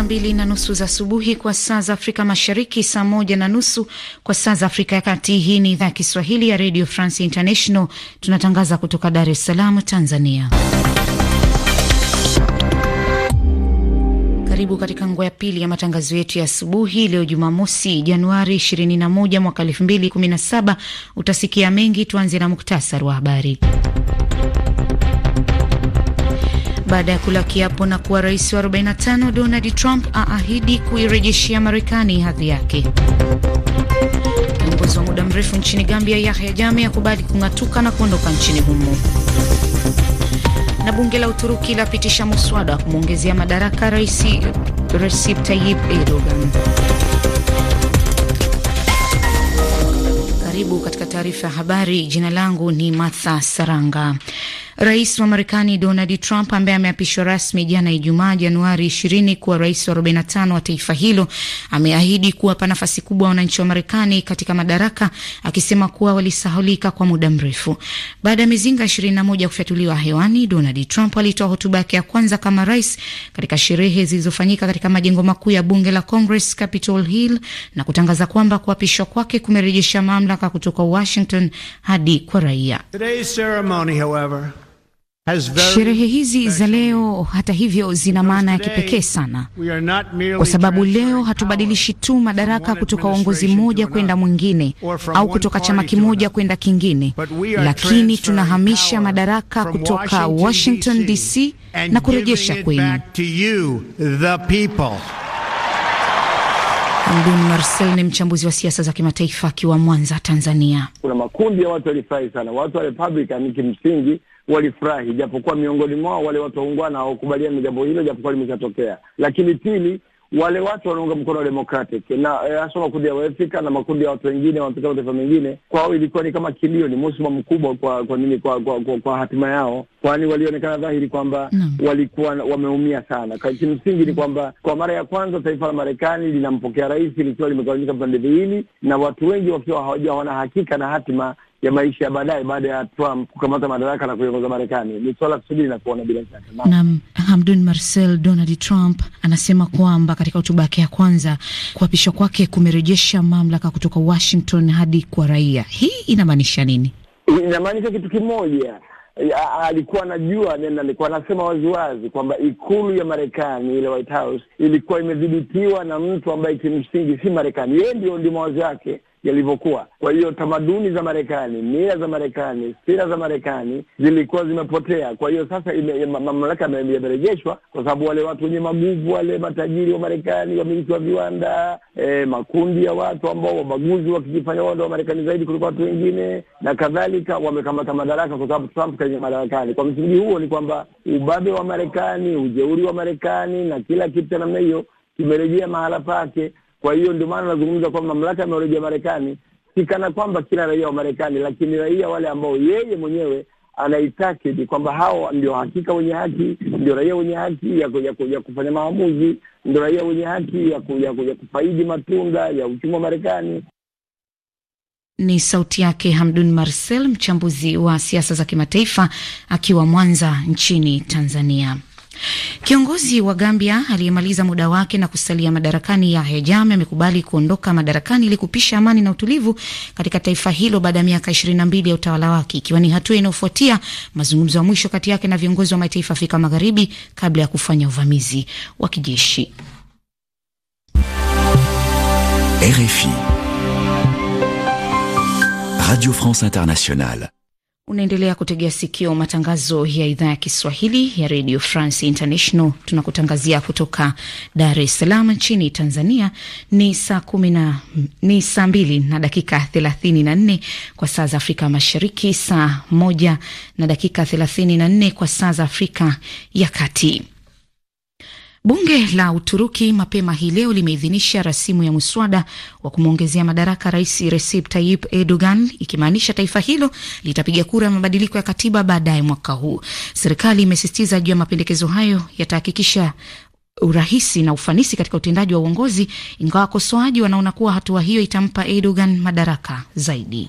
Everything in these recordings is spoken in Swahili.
saa mbili na nusu za asubuhi kwa saa za Afrika Mashariki, saa moja na nusu kwa saa za Afrika ya Kati. Hii ni idhaa ya Kiswahili ya Radio France International, tunatangaza kutoka Dar es Salaam, Tanzania. Karibu katika nguo ya pili ya matangazo yetu ya asubuhi leo Jumamosi, Januari 21 mwaka 2017. Utasikia mengi, tuanze na muktasari wa habari baada ya kula kiapo na kuwa rais wa 45, Donald Trump aahidi kuirejeshia Marekani hadhi yake. Kiongozi wa muda mrefu nchini Gambia Yahya Jammeh akubali kung'atuka na kuondoka nchini humo. Na bunge la Uturuki lapitisha muswada wa kumwongezea madaraka rais Recep Tayyip Erdogan. Karibu katika taarifa ya habari. Jina langu ni Martha Saranga. Rais wa Marekani Donald Trump ambaye ameapishwa rasmi jana Ijumaa Januari 20 kuwa rais wa 45 wa taifa hilo ameahidi kuwapa nafasi kubwa wananchi wa Marekani katika madaraka, akisema kuwa walisahulika kwa muda mrefu. Baada ya mizinga 21 kufyatuliwa hewani, Donald Trump alitoa hotuba yake ya kwanza kama rais katika sherehe zilizofanyika katika majengo makuu ya bunge la Congress, Capitol Hill, na kutangaza kwamba kuapishwa kwake kumerejesha mamlaka kutoka Washington hadi kwa raia. Today's ceremony, however Sherehe hizi za leo hata hivyo zina maana ya kipekee sana, kwa sababu leo hatubadilishi tu madaraka kutoka uongozi mmoja kwenda mwingine au kutoka chama kimoja kwenda kingine, lakini tunahamisha madaraka kutoka Washington DC na kurejesha kwenu. Hamdun Marcel ni mchambuzi wa siasa za kimataifa akiwa Mwanza, Tanzania. Kuna makundi ya watu walifurahi sana, watu wa Republican kimsingi walifurahi, japokuwa miongoni mwao wale watu waungwana hawakubaliani na jambo hilo, japokuwa limeshatokea. Lakini pili, wale watu wanaunga mkono wa Democratic na eh, hasa eh, makundi ya Waafrika na makundi ya watu wengine wanatoka mataifa mengine, kwao ilikuwa ni kama kilio, ni msiba mkubwa kwa kwa nini kwa, kwa, kwa, kwa hatima yao, kwani walionekana dhahiri kwamba no. walikuwa wameumia sana. Kimsingi ni kwamba kwa mara ya kwanza taifa la Marekani linampokea rais likiwa limegawanyika vipande viwili, na watu wengi wakiwa hawajua hawana hakika na hatima ya maisha ya baadaye baada ya Trump kukamata madaraka na kuiongoza Marekani. Ni swala kusubiri na kuona bila shaka. Naam, Hamdun Marcel, Donald Trump anasema kwamba katika hotuba yake ya kwanza, kuapishwa kwake kumerejesha mamlaka kutoka Washington hadi kwa raia. Hii inamaanisha nini? Inamaanisha kitu kimoja. Alikuwa anajua nena, alikuwa anasema waziwazi kwamba ikulu ya Marekani ile White House ilikuwa imedhibitiwa na mtu ambaye kimsingi si Marekani. Yeye ndio ndio mawazi yake yalivyokuwa. Kwa hiyo tamaduni za Marekani, mila za Marekani, sira za Marekani zilikuwa zimepotea. Kwa hiyo sasa mamlaka yamerejeshwa, kwa sababu wale watu wenye maguvu, wale matajiri wa Marekani, wamiliki wa viwanda eh, makundi ya watu ambao wabaguzi, wakijifanya wao ndo marekani zaidi kuliko watu wengine na kadhalika, wamekamata madaraka, kwa sababu Trump kaingia madarakani. Kwa msingi huo ni kwamba ubabe wa Marekani, ujeuri wa Marekani na kila kitu cha namna hiyo kimerejea mahala pake kwa hiyo ndio maana nazungumza kwamba mamlaka ya Marekani si kana kwamba kila raia wa Marekani, lakini raia wale ambao yeye mwenyewe anaitakidi kwamba hao ndio hakika wenye haki, ndio raia wenye haki ya, ku, ya, ku, ya kufanya maamuzi, ndio raia wenye haki ya, ku, ya, ku, ya kufaidi matunda ya uchumi wa Marekani. Ni sauti yake Hamdun Marcel, mchambuzi wa siasa za kimataifa akiwa Mwanza nchini Tanzania. Kiongozi wa Gambia aliyemaliza muda wake na kusalia madarakani Yahya Jammeh amekubali kuondoka madarakani ili kupisha amani na utulivu katika taifa hilo baada ya miaka 22 ya utawala wake, ikiwa ni hatua inayofuatia mazungumzo ya mwisho kati yake na viongozi wa mataifa Afrika Magharibi kabla ya kufanya uvamizi wa kijeshi. RFI Radio France Internationale Unaendelea kutegea sikio matangazo ya idhaa ya Kiswahili ya Radio France International. Tunakutangazia kutoka Dar es Salaam nchini Tanzania. Ni saa kumi na ni saa mbili na dakika thelathini na nne kwa saa za Afrika Mashariki, saa moja na dakika thelathini na nne kwa saa za Afrika ya Kati. Bunge la Uturuki mapema hii leo limeidhinisha rasimu ya mswada wa kumwongezea madaraka Rais Recep Tayyip Erdogan, ikimaanisha taifa hilo litapiga kura ya mabadiliko ya katiba baadaye mwaka huu. Serikali imesisitiza juu ya mapendekezo hayo yatahakikisha urahisi na ufanisi katika utendaji wa uongozi, ingawa wakosoaji wanaona kuwa hatua hiyo itampa Erdogan madaraka zaidi.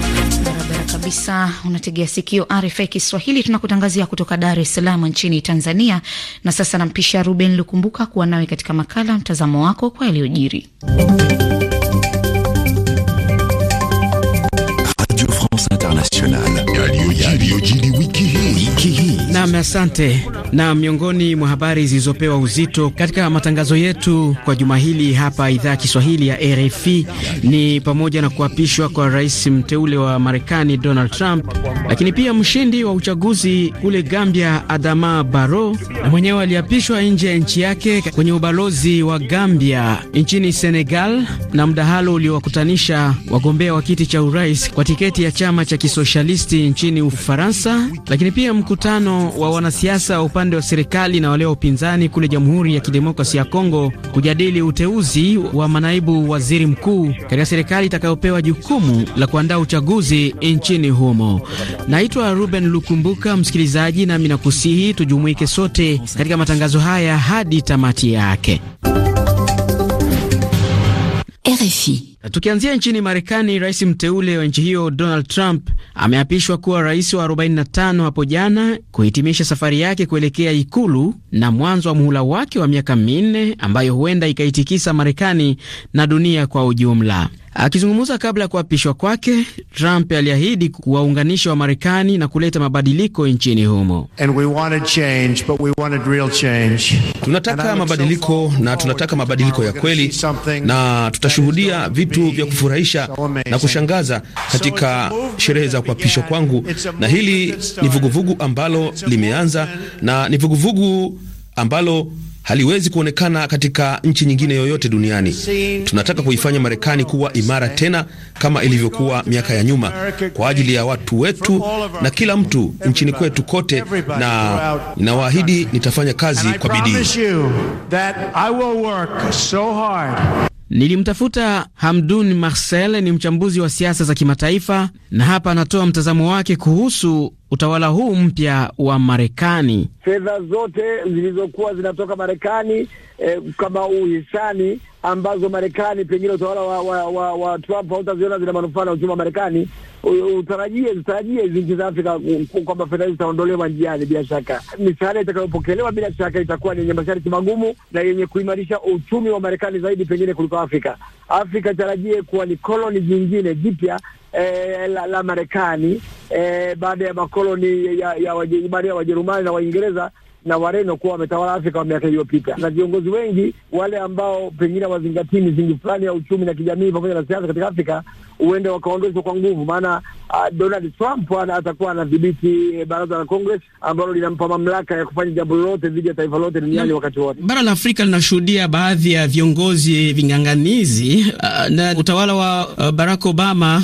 kabisa, unategea sikio RFI Kiswahili, tunakutangazia kutoka Dar es Salaam nchini Tanzania. Na sasa nampisha Ruben Lukumbuka kuwa nawe katika makala mtazamo wako kwa yaliyojiri. Radio France Internationale. Nam, asante. Na miongoni mwa habari zilizopewa uzito katika matangazo yetu kwa juma hili hapa idhaa ya Kiswahili ya RFI ni pamoja na kuapishwa kwa rais mteule wa Marekani Donald Trump, lakini pia mshindi wa uchaguzi kule Gambia Adama Barrow na mwenyewe aliapishwa nje ya nchi yake kwenye ubalozi wa Gambia nchini Senegal, na mdahalo uliowakutanisha wagombea wa kiti cha urais kwa tiketi ya chama cha kisoshalisti nchini Ufaransa, lakini pia mkutano wa wanasiasa wa upande wa serikali na wale wa upinzani kule Jamhuri ya Kidemokrasia ya Kongo kujadili uteuzi wa manaibu waziri mkuu katika serikali itakayopewa jukumu la kuandaa uchaguzi nchini humo. Naitwa Ruben Lukumbuka, msikilizaji, nami nakusihi tujumuike sote katika matangazo haya hadi tamati yake. RFI Tukianzia nchini Marekani, rais mteule wa nchi hiyo Donald Trump ameapishwa kuwa rais wa 45 hapo jana, kuhitimisha safari yake kuelekea ikulu na mwanzo wa muhula wake wa miaka minne ambayo huenda ikaitikisa Marekani na dunia kwa ujumla. Akizungumza kabla ya kuapishwa kwake, Trump aliahidi kuwaunganisha Wamarekani na kuleta mabadiliko nchini humo. tunataka mabadiliko na tunataka mabadiliko ya kweli, na tutashuhudia vitu vya kufurahisha na kushangaza katika sherehe za kuapishwa kwangu, na hili ni vuguvugu ambalo limeanza na ni vuguvugu ambalo haliwezi kuonekana katika nchi nyingine yoyote duniani. Tunataka kuifanya Marekani kuwa imara tena kama ilivyokuwa miaka ya nyuma, kwa ajili ya watu wetu na kila mtu nchini kwetu kote, na ninawaahidi nitafanya kazi kwa bidii. Nilimtafuta Hamdun Marcel, ni mchambuzi wa siasa za kimataifa, na hapa anatoa mtazamo wake kuhusu utawala huu mpya wa Marekani. Fedha zote zilizokuwa zinatoka Marekani eh, kama uhisani ambazo Marekani pengine utawala wa, wa, wa, wa Trump hautaziona zina manufaa na uchumi wa Marekani. Utarajie zitarajie hizi nchi za Afrika kwamba fedha hizi zitaondolewa njiani. Bila shaka misaada itakayopokelewa bila shaka itakuwa ni yenye masharti magumu na yenye kuimarisha uchumi wa Marekani zaidi pengine kuliko Afrika. Afrika itarajie kuwa ni koloni jingine jipya e, la, la Marekani e, baada ya makoloni ya, ya, ya, ya Wajerumani na Waingereza na Wareno kuwa wametawala Afrika kwa miaka iliyopita, na viongozi wengi wale ambao pengine wazingatii misingi fulani ya uchumi na kijamii pamoja na siasa katika Afrika huenda wakaondoshwa kwa nguvu, maana uh, Donald Trump atakuwa anadhibiti eh, baraza la Congress ambalo linampa mamlaka ya kufanya jambo lolote dhidi ya taifa lote duniani wakati wote. Bara la Afrika linashuhudia baadhi ya viongozi eh, ving'ang'anizi uh, na utawala wa uh, Barack Obama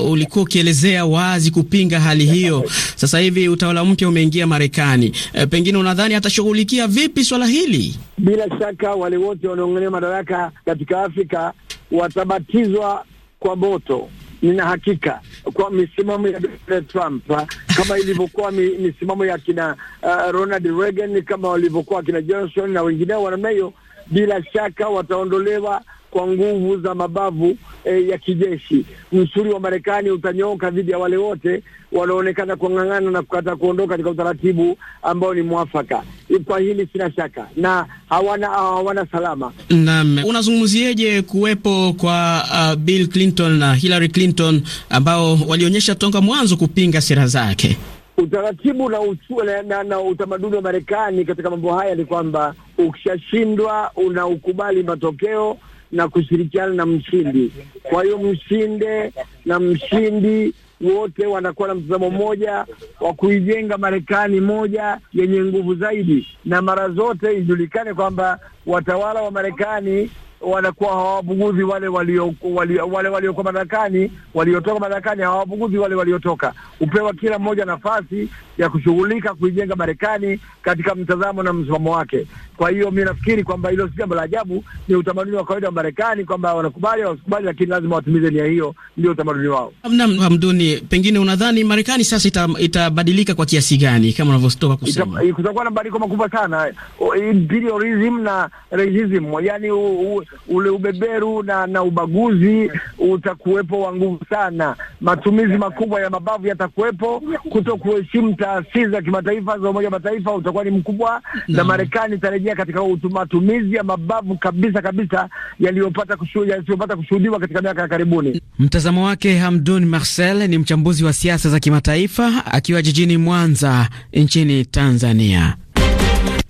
uh, ulikuwa ukielezea wazi kupinga hali hiyo. Sasa hivi utawala mpya umeingia Marekani, uh, pengine unadhani atashughulikia vipi swala hili? Bila shaka wale wote wanaong'ania madaraka katika Afrika watabatizwa kwa moto nina hakika kwa misimamo ya Donald Trump kama ilivyokuwa misimamo ya kina uh, Ronald Reagan, kama walivyokuwa kina Johnson na wengineo wa namna hiyo, bila shaka wataondolewa kwa nguvu za mabavu e, ya kijeshi. Msuri wa Marekani utanyooka dhidi ya wale wote wanaonekana kung'ang'ana na kukata kuondoka katika utaratibu ambao ni mwafaka. Kwa hili sina shaka na hawana hawana salama. Naam, unazungumzieje kuwepo kwa uh, Bill Clinton na Hillary Clinton ambao walionyesha tonga mwanzo kupinga sera zake? Utaratibu na, na, na, na utamaduni wa Marekani katika mambo haya ni kwamba ukishashindwa unaukubali matokeo na kushirikiana na mshindi. Kwa hiyo mshinde na mshindi wote wanakuwa na mtazamo mmoja wa kuijenga Marekani moja yenye nguvu zaidi, na mara zote ijulikane kwamba watawala wa Marekani wanakuwa hawabuguzi wale waliokuwa wali, wale madarakani waliotoka madarakani, hawabuguzi wale waliotoka. Hupewa kila mmoja nafasi ya kushughulika kuijenga Marekani katika mtazamo na msimamo wake. Kwa hiyo mi nafikiri kwamba hilo si jambo la ajabu, ni utamaduni wa kawaida wa Marekani kwamba wanakubali wasikubali, lakini lazima watimize nia hiyo, ndio utamaduni wao. Naam, Hamduni, pengine unadhani Marekani sasa ita, itabadilika kwa kiasi gani? Kama unavyotoka kusema, kutakuwa na mabadiliko makubwa sana, imperialism na racism, yani u, u, ule ubeberu na, na ubaguzi utakuwepo wa nguvu sana, matumizi makubwa ya mabavu yatakuwepo, kuto kuheshimu taasisi za kimataifa za Umoja wa Mataifa utakuwa ni mkubwa na, na Marekani itarejea kuingia katika matumizi ya mabavu kabisa kabisa yaliyopata yasiyopata kushuhudiwa katika miaka ya karibuni. Mtazamo wake Hamdun Marcel ni mchambuzi wa siasa za kimataifa akiwa jijini Mwanza nchini Tanzania.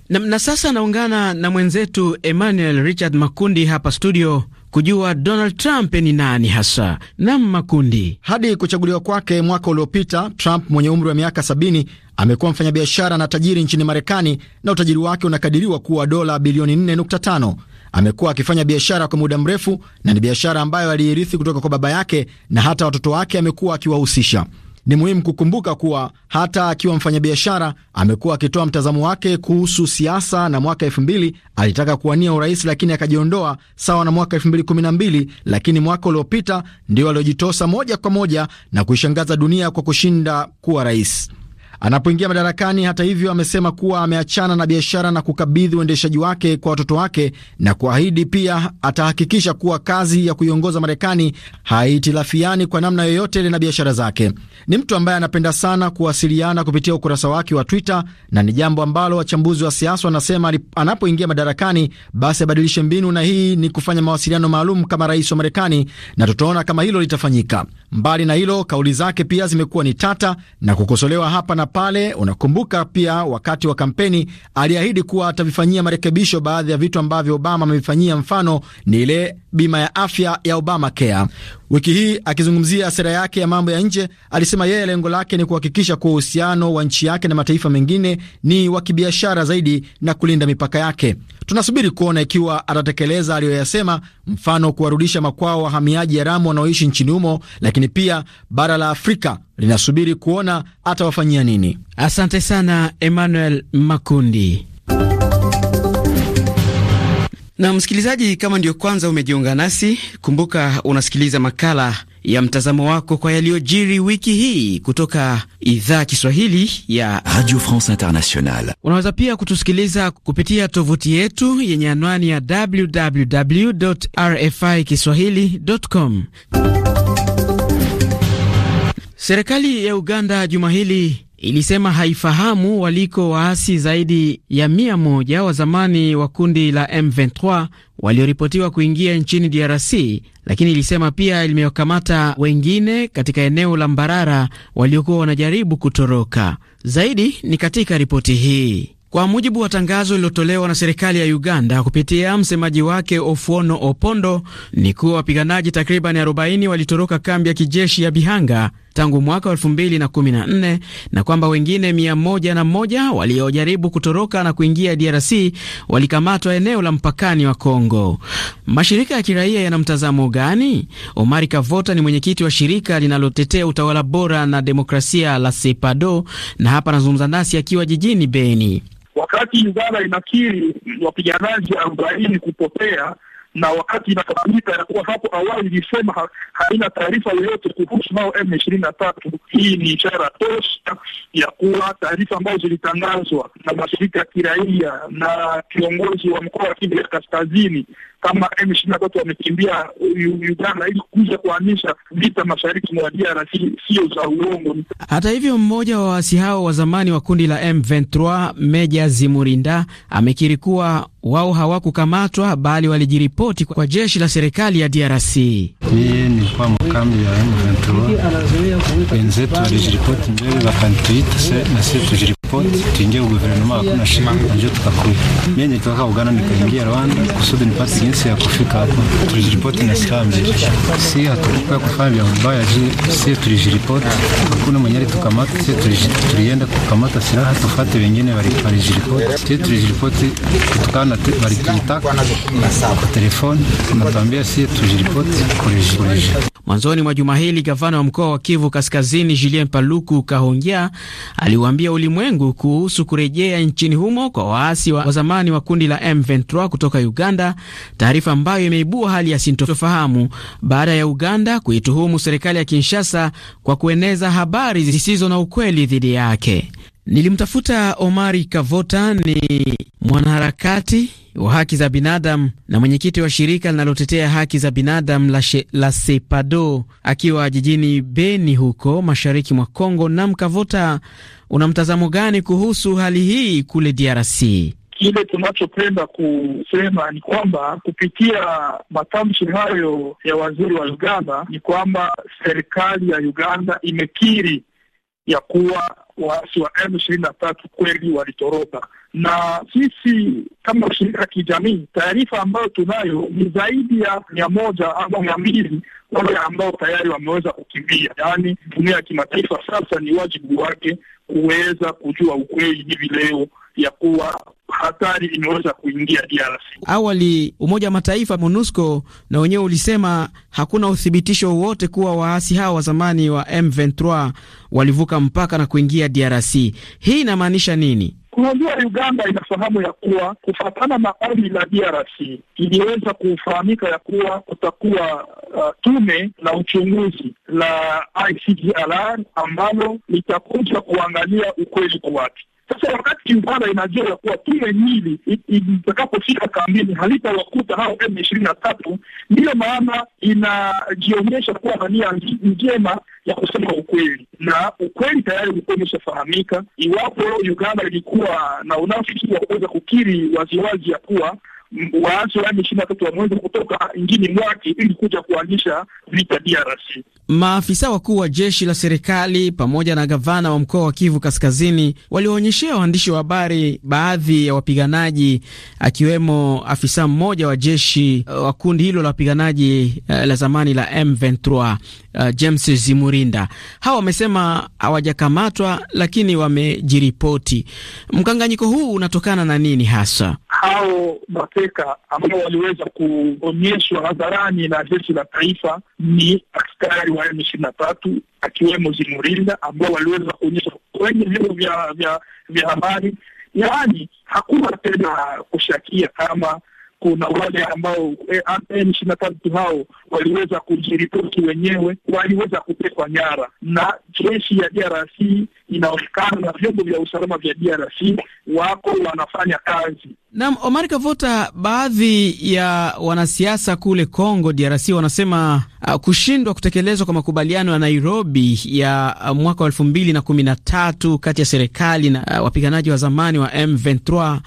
Na, na sasa anaungana na mwenzetu Emmanuel Richard Makundi hapa studio kujua Donald Trump ni nani hasa na makundi. Hadi kuchaguliwa kwake mwaka uliopita, Trump mwenye umri wa miaka 70 amekuwa mfanyabiashara na tajiri nchini Marekani, na utajiri wake unakadiriwa kuwa dola bilioni 4.5. Amekuwa akifanya biashara kwa muda mrefu na ni biashara ambayo aliirithi kutoka kwa baba yake, na hata watoto wake amekuwa akiwahusisha ni muhimu kukumbuka kuwa hata akiwa mfanyabiashara amekuwa akitoa mtazamo wake kuhusu siasa, na mwaka mbili alitaka kuwania urais lakini akajiondoa, sawa na mwaka mbili lakini mwaka uliopita ndio aliojitosa moja kwa moja na kuishangaza dunia kwa kushinda kuwa rais. Anapoingia madarakani, hata hivyo, amesema kuwa ameachana na biashara na kukabidhi uendeshaji wake kwa watoto wake na kuahidi pia atahakikisha kuwa kazi ya kuiongoza Marekani haitilafiani kwa namna yoyote ile na biashara zake. Ni mtu ambaye anapenda sana kuwasiliana kupitia ukurasa wake wa Twitter na ni jambo ambalo wachambuzi wa siasa wanasema anapoingia madarakani, basi abadilishe mbinu, na hii ni kufanya mawasiliano maalum kama rais wa Marekani, na tutaona kama hilo litafanyika. Mbali na hilo, kauli zake pia zimekuwa ni tata na kukosolewa hapa na pale. Unakumbuka pia wakati wa kampeni aliahidi kuwa atavifanyia marekebisho baadhi ya vitu ambavyo Obama amevifanyia, mfano ni ile bima ya afya ya Obamacare. Wiki hii akizungumzia sera yake ya mambo ya nje, alisema yeye lengo lake ni kuhakikisha kuwa uhusiano wa nchi yake na mataifa mengine ni wa kibiashara zaidi na kulinda mipaka yake. Tunasubiri kuona ikiwa atatekeleza aliyoyasema, mfano kuwarudisha makwao wahamiaji haramu wanaoishi nchini humo, lakini pia bara la Afrika linasubiri kuona atawafanyia nini. Asante sana Emmanuel Makundi. Na msikilizaji, kama ndiyo kwanza umejiunga nasi, kumbuka unasikiliza makala ya mtazamo wako kwa yaliyojiri wiki hii kutoka idhaa Kiswahili ya Radio France Internationale. Unaweza pia kutusikiliza kupitia tovuti yetu yenye anwani ya www.rfi kiswahili.com. Serikali ya Uganda juma hili ilisema haifahamu waliko waasi zaidi ya mia moja wa zamani wa kundi la M23 walioripotiwa kuingia nchini DRC, lakini ilisema pia limewakamata wengine katika eneo la Mbarara waliokuwa wanajaribu kutoroka. Zaidi ni katika ripoti hii. Kwa mujibu wa tangazo lililotolewa na serikali ya Uganda kupitia msemaji wake Ofuono Opondo, ni kuwa wapiganaji takribani 40 walitoroka kambi ya kijeshi ya Bihanga tangu mwaka mbili na, na kwamba wengine mia moja na moja waliojaribu kutoroka na kuingia DRC walikamatwa eneo la mpakani wa congo Mashirika ya kiraia yana mtazamo gani? Omari Kavota ni mwenyekiti wa shirika linalotetea utawala bora na demokrasia la SEPADO na hapa anazungumza nasi akiwa jijini Beni. Wakati Uganda inakiri wapiganaji arobaini kupotea na wakati inakamilika inakuwa hapo awali ilisema ha, haina taarifa yoyote kuhusu nao M ishirini na tatu. Hii ni ishara tosha ya kuwa taarifa ambazo zilitangazwa na mashirika ya kiraia na kiongozi wa mkoa wa Kivu ya Kaskazini kama M23 wamekimbia Uganda ili kuja kuhamisha vita mashariki mwa DRC sio za uongo. Hata hivyo, mmoja wa waasi hao wa zamani wa kundi la M23 Meja Zimurinda amekiri kuwa wao hawakukamatwa bali walijiripoti kwa jeshi la serikali ya DRC. Mimi nilikuwa mkambi ya M23, wenzetu walijiripoti mbele, wakantuita na sisi tujiripoti, tuingie guvernema, hakuna shida, ndio tukakuya. Mimi nitoka Uganda nikaingia Rwanda kusudi nipate fursa ya kufika hapa. Tulijiripoti na silaha mzito, si hatukuwa kufanya vya mbaya, si tulijiripoti, hakuna mwenye alitukamata, si tulienda kukamata silaha tufate, wengine walijiripoti, si tulijiripoti kutukana, walitutaka kwa telefoni, tunatuambia si tujiripoti kulijiripoti. Mwanzoni mwa juma hili gavana wa mkoa wa Kivu Kaskazini Julien Paluku Kahongya aliwaambia ulimwengu kuhusu kurejea nchini humo kwa waasi wa zamani wa kundi la M23 kutoka Uganda taarifa ambayo imeibua hali ya sintofahamu baada ya Uganda kuituhumu serikali ya Kinshasa kwa kueneza habari zisizo na ukweli dhidi yake. Nilimtafuta Omari Kavota, ni mwanaharakati wa haki za binadamu na mwenyekiti wa shirika linalotetea haki za binadamu la, la SEPADO akiwa jijini Beni huko mashariki mwa Kongo. Nam Kavota, una mtazamo gani kuhusu hali hii kule DRC? Kile tunachopenda kusema ni kwamba kupitia matamshi hayo ya waziri wa Uganda ni kwamba serikali ya Uganda imekiri ya kuwa waasi wa M ishirini na tatu kweli walitoroka, na sisi kama shirika ya kijamii, taarifa ambayo tunayo ni zaidi ya mia moja ama mia mbili wale ambao tayari wameweza kukimbia. Yaani, dunia ya kimataifa sasa ni wajibu wake kuweza kujua ukweli hivi leo ya kuwa hatari imeweza kuingia DRC. Awali Umoja wa Mataifa MONUSCO na wenyewe ulisema hakuna uthibitisho wowote kuwa waasi hao wa zamani wa M23 walivuka mpaka na kuingia DRC. Hii inamaanisha nini? Unajua, Uganda inafahamu ya kuwa kufatana na ombi la DRC iliweza kufahamika ya kuwa kutakuwa uh, tume la uchunguzi la ICGLR ambalo litakuja kuangalia ukweli kwa watu sasa wakati Uganda inajua ya kuwa tume mili itakapofika kambini halitawakuta hao m ishirini na tatu ndiyo maana inajionyesha kuwa na nia njema ya kusema ukweli, na ukweli tayari ulikuwa umeshafahamika. Iwapo Uganda ilikuwa na unafiki wa kuweza kukiri waziwazi ya kuwa waasi wa M23 wameweza kutoka nchini mwake ili kuja kuanzisha vita DRC. Maafisa wakuu wa jeshi la serikali pamoja na gavana wa mkoa wa Kivu Kaskazini waliwaonyeshea waandishi wa habari baadhi ya wapiganaji, akiwemo afisa mmoja wa jeshi uh, wa kundi hilo la wapiganaji uh, la zamani la M23, uh, James Zimurinda. Hawa wamesema hawajakamatwa lakini wamejiripoti. Mkanganyiko huu unatokana na nini hasa? Hao mate mateka ambao waliweza kuonyeshwa hadharani na jeshi la taifa ni askari wa M ishirini na tatu akiwemo Zimurinda ambao waliweza kuonyeshwa kwenye vyombo vya habari, yaani hakuna tena kushakia kama kuna wale ambao eh, M ishirini tatu hao waliweza kujiripoti wenyewe, waliweza kutekwa nyara na jeshi ya DRC. Inaonekana na vyombo vya usalama vya DRC wako wanafanya kazi. Naam, Omar Kavota, baadhi ya wanasiasa kule Congo DRC wanasema uh, kushindwa kutekelezwa kwa makubaliano ya Nairobi ya uh, mwaka wa elfu mbili na kumi na tatu kati ya serikali na uh, wapiganaji wa zamani wa M23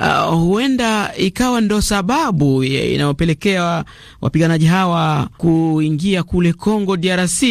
uh, huenda ikawa ndo sababu inayopelekea wapiganaji hawa kuingia kule Congo DRC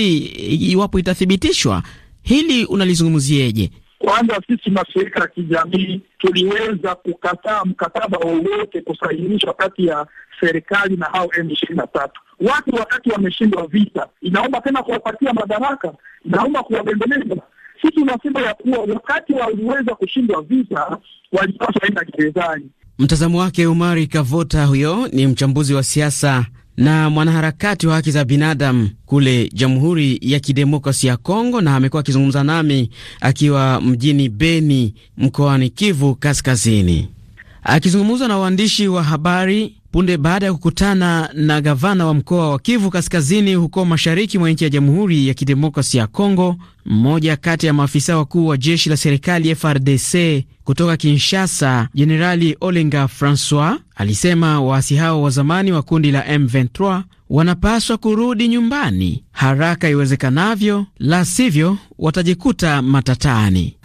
iwapo itathibitishwa. Hili unalizungumzieje? Kwanza sisi mashirika ya kijamii tuliweza kukataa mkataba wowote kusainishwa kati ya serikali na hao M ishirini na tatu. Watu wakati wameshindwa vita, inaomba tena kuwapatia madaraka, inaomba kuwabembeleza si tunasema ya kuwa wakati waliweza kushindwa vita walipaswa enda gerezani. Mtazamo wake Umari Kavota, huyo ni mchambuzi wa siasa na mwanaharakati wa haki za binadamu kule Jamhuri ya Kidemokrasi ya Kongo, na amekuwa akizungumza nami akiwa mjini Beni mkoani Kivu Kaskazini. Akizungumzwa na waandishi wa habari punde baada ya kukutana na gavana wa mkoa wa Kivu Kaskazini huko mashariki mwa nchi ya Jamhuri ya Kidemokrasia ya Kongo, mmoja kati ya maafisa wakuu wa jeshi la serikali FRDC kutoka Kinshasa, Jenerali Olenga Francois alisema waasi hao wa zamani wa kundi la M23 wanapaswa kurudi nyumbani haraka iwezekanavyo, la sivyo watajikuta matatani.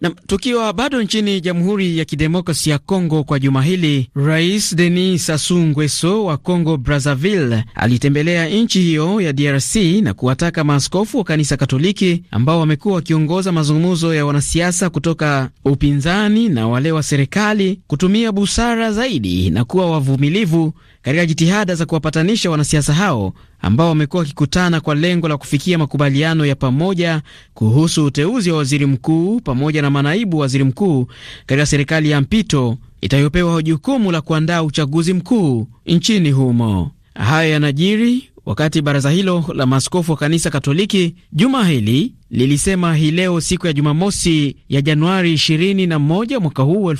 Na tukiwa bado nchini Jamhuri ya Kidemokrasi ya Kongo, kwa juma hili, Rais Denis Sassou Nguesso wa congo Brazzaville alitembelea nchi hiyo ya DRC na kuwataka maaskofu wa kanisa Katoliki ambao wamekuwa wakiongoza mazungumzo ya wanasiasa kutoka upinzani na wale wa serikali kutumia busara zaidi na kuwa wavumilivu katika jitihada za kuwapatanisha wanasiasa hao ambao wamekuwa wakikutana kwa lengo la kufikia makubaliano ya pamoja kuhusu uteuzi wa waziri mkuu pamoja na manaibu waziri mkuu katika serikali ya mpito itayopewa jukumu la kuandaa uchaguzi mkuu nchini humo. Hayo yanajiri wakati baraza hilo la maaskofu wa kanisa Katoliki juma hili lilisema hii leo siku ya Jumamosi ya Januari 21 mwaka huu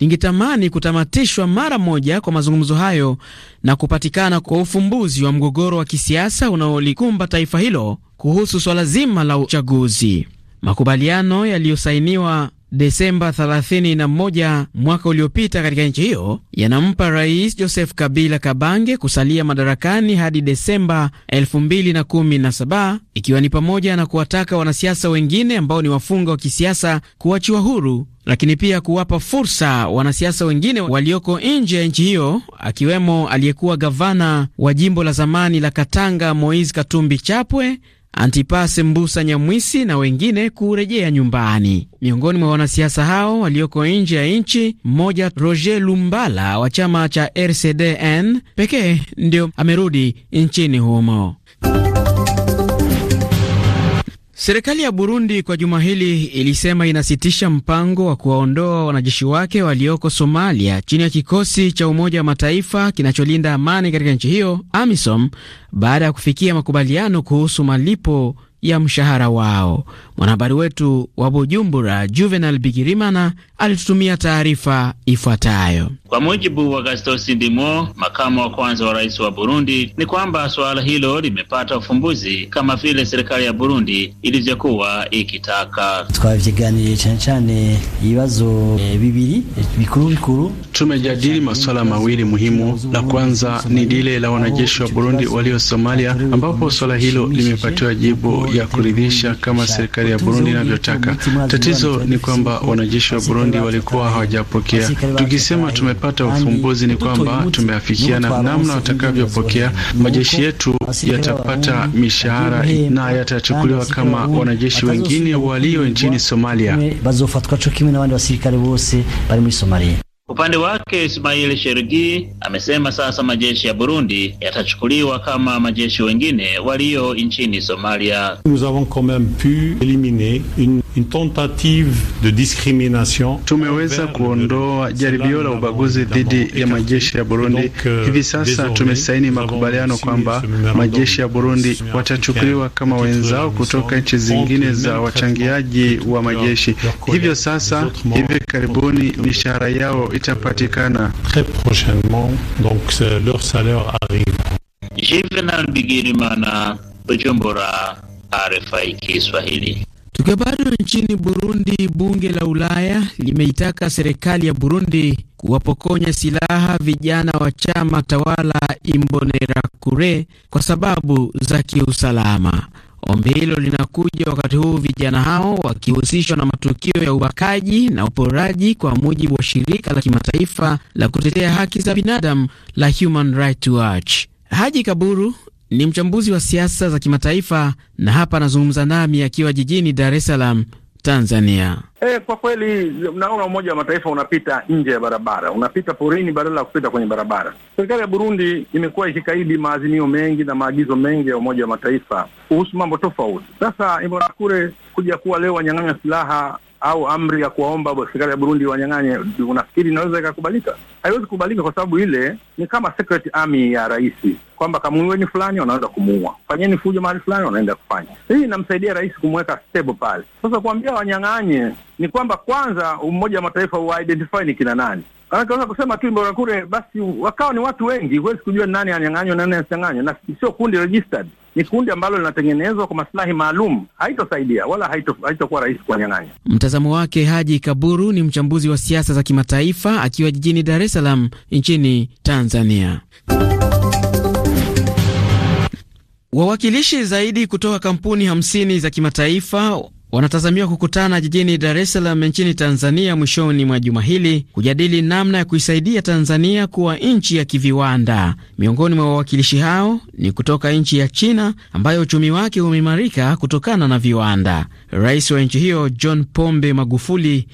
lingetamani kutamatishwa mara moja kwa mazungumzo hayo na kupatikana kwa ufumbuzi wa mgogoro wa kisiasa unaolikumba taifa hilo kuhusu swala zima la uchaguzi. Makubaliano yaliyosainiwa Desemba 31 mwaka uliopita katika nchi hiyo yanampa Rais Joseph Kabila Kabange kusalia madarakani hadi Desemba 2017 ikiwa ni pamoja na kuwataka wanasiasa wengine ambao ni wafunga wa kisiasa kuachiwa huru lakini pia kuwapa fursa wanasiasa wengine walioko nje ya nchi hiyo, akiwemo aliyekuwa gavana wa jimbo la zamani la Katanga Moise Katumbi Chapwe, Antipas Mbusa Nyamwisi na wengine kurejea nyumbani. Miongoni mwa wanasiasa hao walioko nje ya nchi, mmoja Roger Lumbala wa chama cha RCDN pekee ndio amerudi nchini humo. Serikali ya Burundi kwa juma hili ilisema inasitisha mpango wa kuwaondoa wanajeshi wake walioko Somalia chini ya kikosi cha Umoja wa Mataifa kinacholinda amani katika nchi hiyo, AMISOM, baada ya kufikia makubaliano kuhusu malipo ya mshahara wao. Mwanahabari wetu wa Bujumbura, Juvenal Bigirimana, alitutumia taarifa ifuatayo. Kwa mujibu wa Gaston Ndimo, makamu wa kwanza wa rais wa Burundi, ni kwamba suala hilo limepata ufumbuzi kama vile serikali ya Burundi ilivyokuwa ikitaka. Eh, eh, Tumejadili masuala mawili muhimu, la kwanza ni lile la wanajeshi wa Burundi walio Somalia, ambapo suala hilo limepatiwa jibu ya kuridhisha kama serikali serikali ya Burundi inavyotaka. Tatizo ni kwamba wanajeshi wa Burundi walikuwa hawajapokea. Tukisema tumepata ufumbuzi, ni kwamba tumeafikiana namna watakavyopokea. Majeshi yetu yatapata mishahara na yatachukuliwa kama wanajeshi wengine walio nchini Somalia. Upande wake Ismail Sherigi amesema sasa majeshi ya Burundi yatachukuliwa kama majeshi wengine walio nchini Somalia. Nous avons quand même pu eliminer une, une tentative de discrimination. Tumeweza kuondoa jaribio la ubaguzi dhidi ya euh, majeshi ya Burundi. Donc, hivi sasa tumesaini makubaliano kwamba majeshi ya Burundi watachukuliwa kama wenzao kutoka nchi zingine za wachangiaji wa majeshi. Hivyo sasa, hivi karibuni mishahara yao itapatikana Juvenal euh, Bigirimana, Bujumbura, RFI Kiswahili. Tukiwa bado nchini Burundi, bunge la Ulaya limeitaka serikali ya Burundi kuwapokonya silaha vijana wa chama tawala Imbonerakure kwa sababu za kiusalama. Ombi hilo linakuja wakati huu vijana hao wakihusishwa na matukio ya ubakaji na uporaji, kwa mujibu wa shirika la kimataifa la kutetea haki za binadamu la Human Rights Watch. Haji Kaburu ni mchambuzi wa siasa za kimataifa na hapa anazungumza nami akiwa jijini Dar es Salaam Tanzania. E, kwa kweli naona Umoja wa Mataifa unapita nje ya barabara, unapita porini badala ya kupita kwenye barabara. Serikali ya Burundi imekuwa ikikaidi maazimio mengi na maagizo mengi ya Umoja wa Mataifa kuhusu mambo tofauti. Sasa Imbonerakure kuja kuwa leo wanyang'anywa silaha au amri ya kuwaomba serikali ya Burundi wanyang'anye, unafikiri inaweza ikakubalika? Haiwezi kukubalika, kwa sababu ile ni kama secret army ya rais, kwamba kamuueni fulani, wanaenda kumuua, fanyeni fujo mahali fulani, wanaenda kufanya hii. Inamsaidia rais kumweka stable pale. Sasa kuambia wanyang'anye ni kwamba kwanza Umoja wa Mataifa uidentify ni kina nani Anaweza kusema tu Mbora kule basi wakawa ni watu wengi, huwezi kujua nani anyang'anywa nani asinyang'anywa, na sio kundi registered, ni kundi ambalo linatengenezwa kwa maslahi maalum, haitosaidia wala haitokuwa haito rahisi kuwanyang'anya. Mtazamo wake Haji Kaburu ni mchambuzi wa siasa za kimataifa akiwa jijini Dar es Salaam nchini Tanzania. Wawakilishi zaidi kutoka kampuni hamsini za kimataifa wanatazamiwa kukutana jijini Dar es Salaam nchini Tanzania mwishoni mwa juma hili kujadili namna ya kuisaidia Tanzania kuwa nchi ya kiviwanda. Miongoni mwa wawakilishi hao ni kutoka nchi ya China ambayo uchumi wake umeimarika kutokana na viwanda. Rais wa nchi hiyo John Pombe Magufuli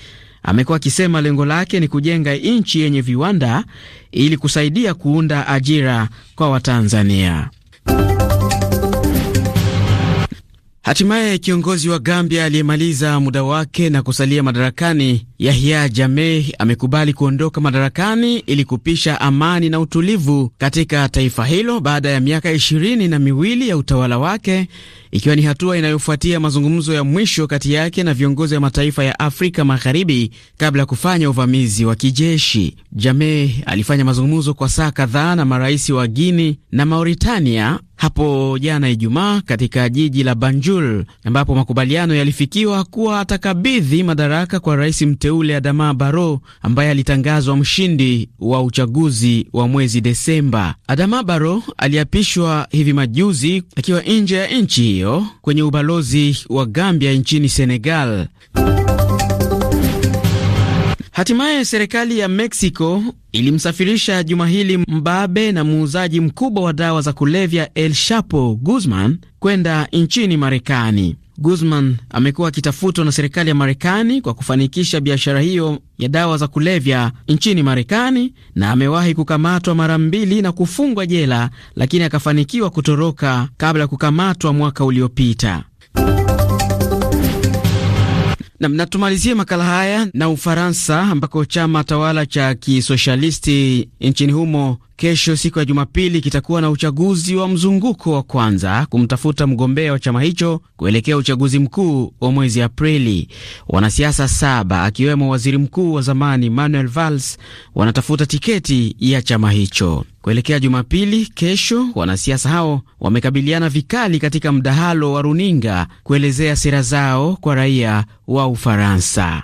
amekuwa akisema lengo lake ni kujenga nchi yenye viwanda ili kusaidia kuunda ajira kwa Watanzania. Hatimaye kiongozi wa Gambia aliyemaliza muda wake na kusalia madarakani, Yahya Jammeh amekubali kuondoka madarakani ili kupisha amani na utulivu katika taifa hilo baada ya miaka ishirini na miwili ya utawala wake, ikiwa ni hatua inayofuatia mazungumzo ya mwisho kati yake na viongozi wa mataifa ya Afrika Magharibi kabla ya kufanya uvamizi wa kijeshi. Jammeh alifanya mazungumzo kwa saa kadhaa na marais wa Guinea na Mauritania hapo jana Ijumaa katika jiji la Banjul ambapo makubaliano yalifikiwa kuwa atakabidhi madaraka kwa rais mteule Adama Barrow ambaye alitangazwa mshindi wa uchaguzi wa mwezi Desemba. Adama Barrow aliapishwa hivi majuzi akiwa nje ya nchi hiyo kwenye ubalozi wa Gambia nchini Senegal. Hatimaye serikali ya Mexico ilimsafirisha juma hili mbabe na muuzaji mkubwa wa dawa za kulevya El Chapo Guzman kwenda nchini Marekani. Guzman amekuwa akitafutwa na serikali ya Marekani kwa kufanikisha biashara hiyo ya dawa za kulevya nchini Marekani, na amewahi kukamatwa mara mbili na kufungwa jela, lakini akafanikiwa kutoroka kabla ya kukamatwa mwaka uliopita. Nam, natumalizie makala haya na Ufaransa ambako chama tawala cha kisoshalisti nchini humo Kesho siku ya Jumapili kitakuwa na uchaguzi wa mzunguko wa kwanza kumtafuta mgombea wa chama hicho kuelekea uchaguzi mkuu wa mwezi Aprili. Wanasiasa saba akiwemo waziri mkuu wa zamani Manuel Valls wanatafuta tiketi ya chama hicho kuelekea Jumapili. Kesho wanasiasa hao wamekabiliana vikali katika mdahalo wa runinga kuelezea sera zao kwa raia wa Ufaransa.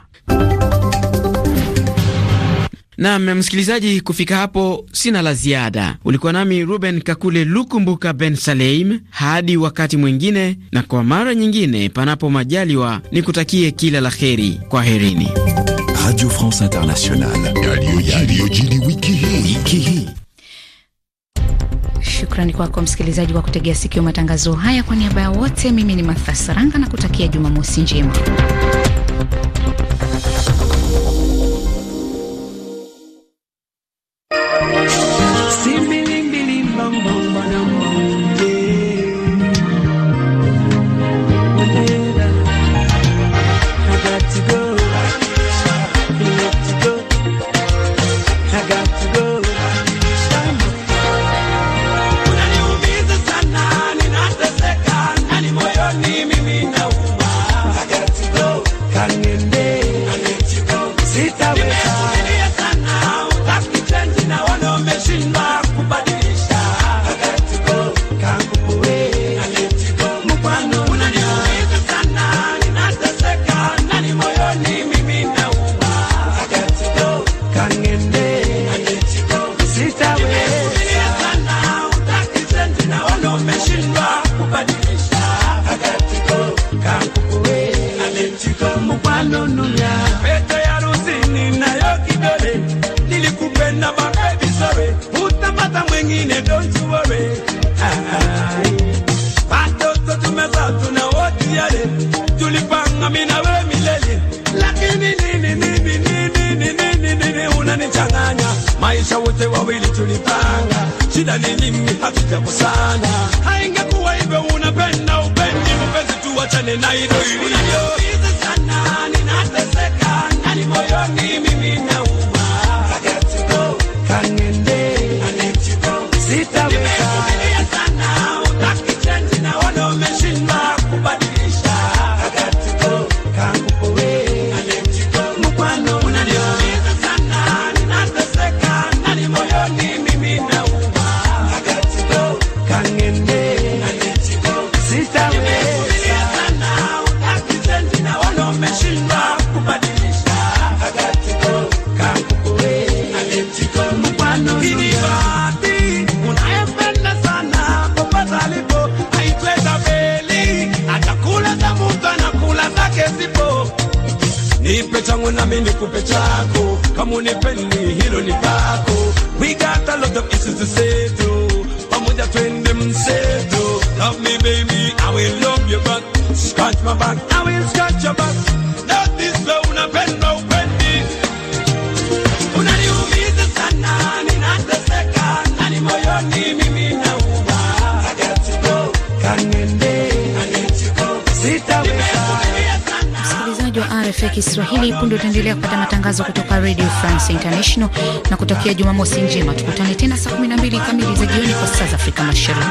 Nam msikilizaji, kufika hapo sina la ziada. Ulikuwa nami Ruben Kakule Lukumbuka Ben Saleim, hadi wakati mwingine, na kwa mara nyingine, panapo majaliwa, ni kutakie kila la heri. Kwa herini. Radio France Internationale, wiki hii. Shukrani kwako msikilizaji kwa kutegea sikio matangazo haya. Kwa niaba ya wote, mimi ni Matha Saranga na kutakia Jumamosi njema. mwingine, don't you worry. Watoto tumezaa tuna wote yale tulipanga, mimi na wewe milele, lakini nini nini nini nini nini unanichanganya? Maisha wote wawili tulipanga, shida ni mimi, hatujakosana. Haingekuwa hivyo, unapenda upendi, mpenzi, tuachane na hilo hilo. Hizi sana ninateseka, nani moyoni mimi nami nikupe chako, kama unipendi hilo ni pako. We got a lot of issues to settle, pamoja twende mseto. Love me baby, I will love you back, scratch my back, I will scratch your back. RFI Kiswahili. Punde utaendelea kupata matangazo kutoka Radio France International na kutakia Jumamosi njema. Tukutane tena saa 12 kamili za jioni kwa saa za Afrika Mashariki.